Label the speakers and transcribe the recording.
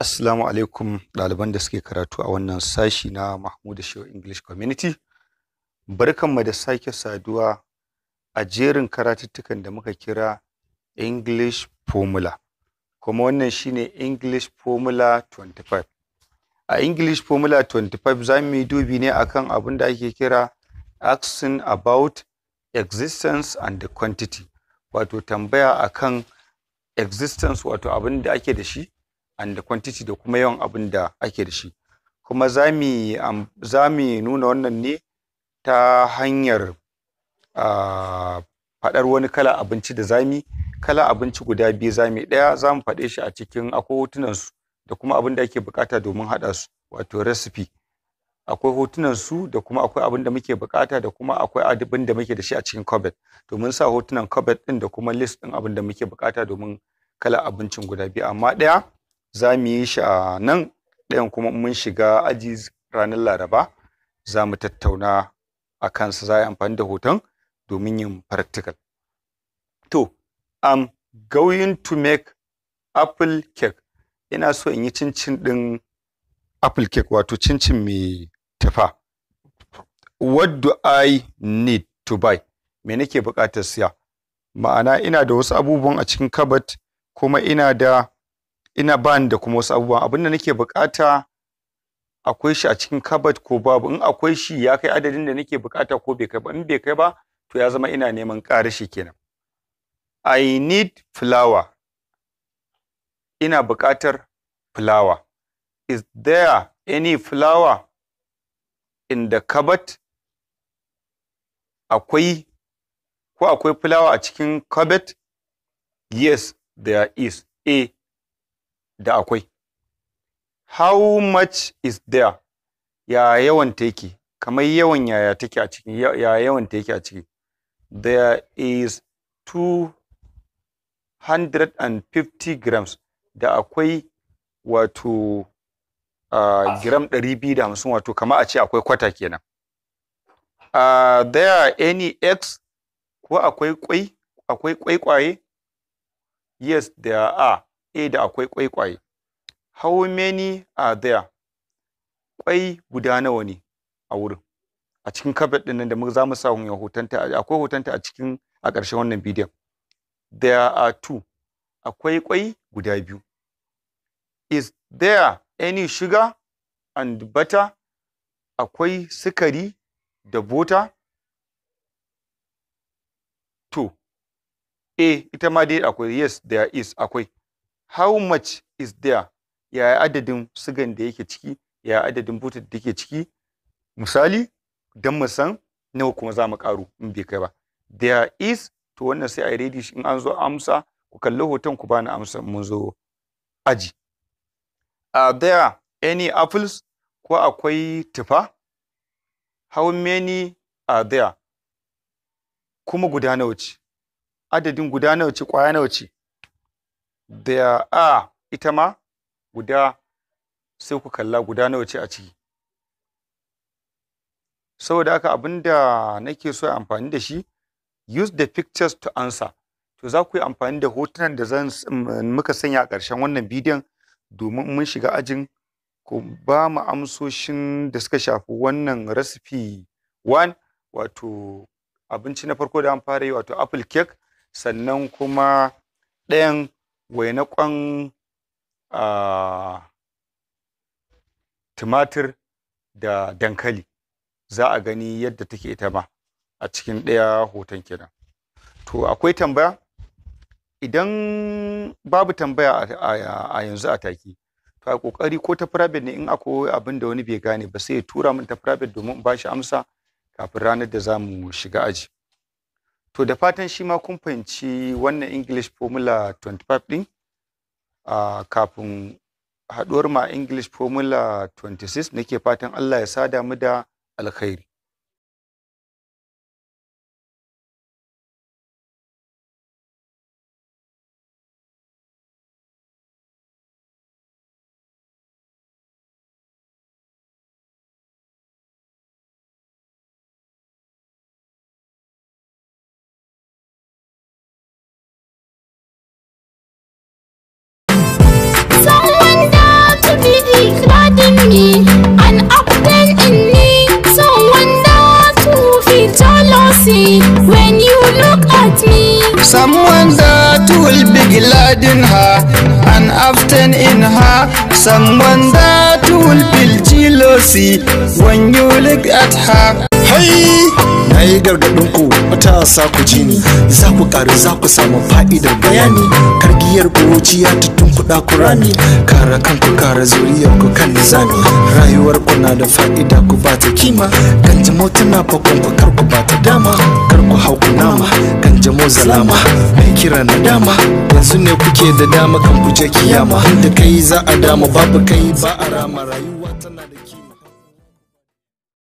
Speaker 1: Assalamu alaikum ɗaliban da suke karatu a wannan sashi na Mahmud Show English Community. Barkanmu da sake saduwa a jerin karatuttukan da muka kira English Formula. Kuma wannan shine English Formula 25. A English Formula 25 za mu yi dubi ne akan abin da ake kira asking about existence and the quantity. Wato tambaya akan existence wato abin da ake da shi and the quantity da kuma yawan abin da ake da shi kuma za mu nuna wannan ne ta hanyar faɗar wani kala abinci da zami kala abinci guda biyu zami ɗaya za mu faɗe shi a cikin akwai hotunansu da kuma abin da ake buƙata domin haɗa su wato recipe akwai hotunan su da kuma akwai abin da muke buƙata da kuma akwai abin da muke da shi a cikin cupboard to mun sa hotunan cupboard ɗin da kuma list ɗin abin da muke buƙata domin kala abincin guda biyu amma ɗaya za mu yi shi a nan ɗayan kuma mun shiga aji ranar laraba za mu tattauna a kansa za a yi amfani da hoton domin yin practical to am going to make apple cake ina so in yi cincin ɗin apple cake wato cincin mai tafa. what do i need to buy me nake buƙatar siya ma'ana ina da wasu abubuwan a cikin kabat kuma ina da ina ban da kuma wasu abubuwa abin da nake bukata akwai shi a cikin kabad ko babu in akwai shi ya kai adadin da nake bukata ko bai kai ba in bai kai ba to ya zama ina neman ƙara shi kenan i need flour ina bukatar flour is there any flour in the cupboard akwai ko akwai flour a cikin cupboard yes there is a eh, da akwai how much is there ya yawan ta kamar yawan yaya take a ciki ya yawan ta a ciki there is 250 grams da akwai wato uh, gram hamsin wato kamar a ce akwai kwata kenan uh, there any eggs ko akwai kwai akwai kwaikwaye yes there are A eh, da akwai ƙwaiƙwaye how many are there ƙwai guda nawa ne a wurin a cikin kabad ɗin nan da za mu sa hotonta akwai hotonta a cikin a ƙarshen wannan bidiyon there are two akwai ƙwai guda biyu is there any sugar and butter akwai sukari da bota to eh ita ma dai akwai yes there is akwai how much is there yaya adadin sugan da yake ciki yaya adadin butar da yake ciki misali don mu san nawa kuma za mu karu in bai kai ba there is to wannan sai a yi ready in an zo amsa ku kalli hoton ku bani amsa mun zo aji are there any apples ko akwai tufa how many are there kuma guda nawa ce adadin guda nawa ce kwaya nawa ce da a ita ma guda sai ku kalla guda nawa ce a ciki saboda haka abinda nake so amfani da shi use the pictures to answer to za ku yi amfani da hotunan da zan muka sanya a ƙarshen wannan bidiyon domin mun shiga ajin ku ba mu amsoshin da suka shafi wannan recipe 1 wato abinci na farko da an fara yi wato apple cake sannan kuma ɗayan waina kwan tumatir da dankali za a gani yadda take ita ma a cikin ɗaya hoton kenan to akwai tambaya idan babu tambaya a yanzu a taki to a kokari ko ta private ne in akwai abin da wani bai gane ba sai ya tura min ta private domin in ba shi amsa kafin ranar da za mu shiga aji To da fatan shi ma kun fahimci wannan English Formula 25 ɗin kafin haɗuwar ma English Formula 26 nake fatan Allah ya sada mu da alkhairi. in her and often in her someone that will feel jealousy when you look at her hey na yi gargaɗinku sa ku ji ni za ku karu za ku samu fa'idar bayani kargiyar kuruciya ta tunkuɗa ku rani kara kanku kara zuriyar ku kan nizami rayuwar ku na da fa'ida ku ba ta kima ganjamau tana fakon ku kar ku ba ta dama kar ku hau samu zalama mai kira na dama yanzu ne kuke da dama kan kuje kiyama da kai za a dama babu kai ba a rama rayuwa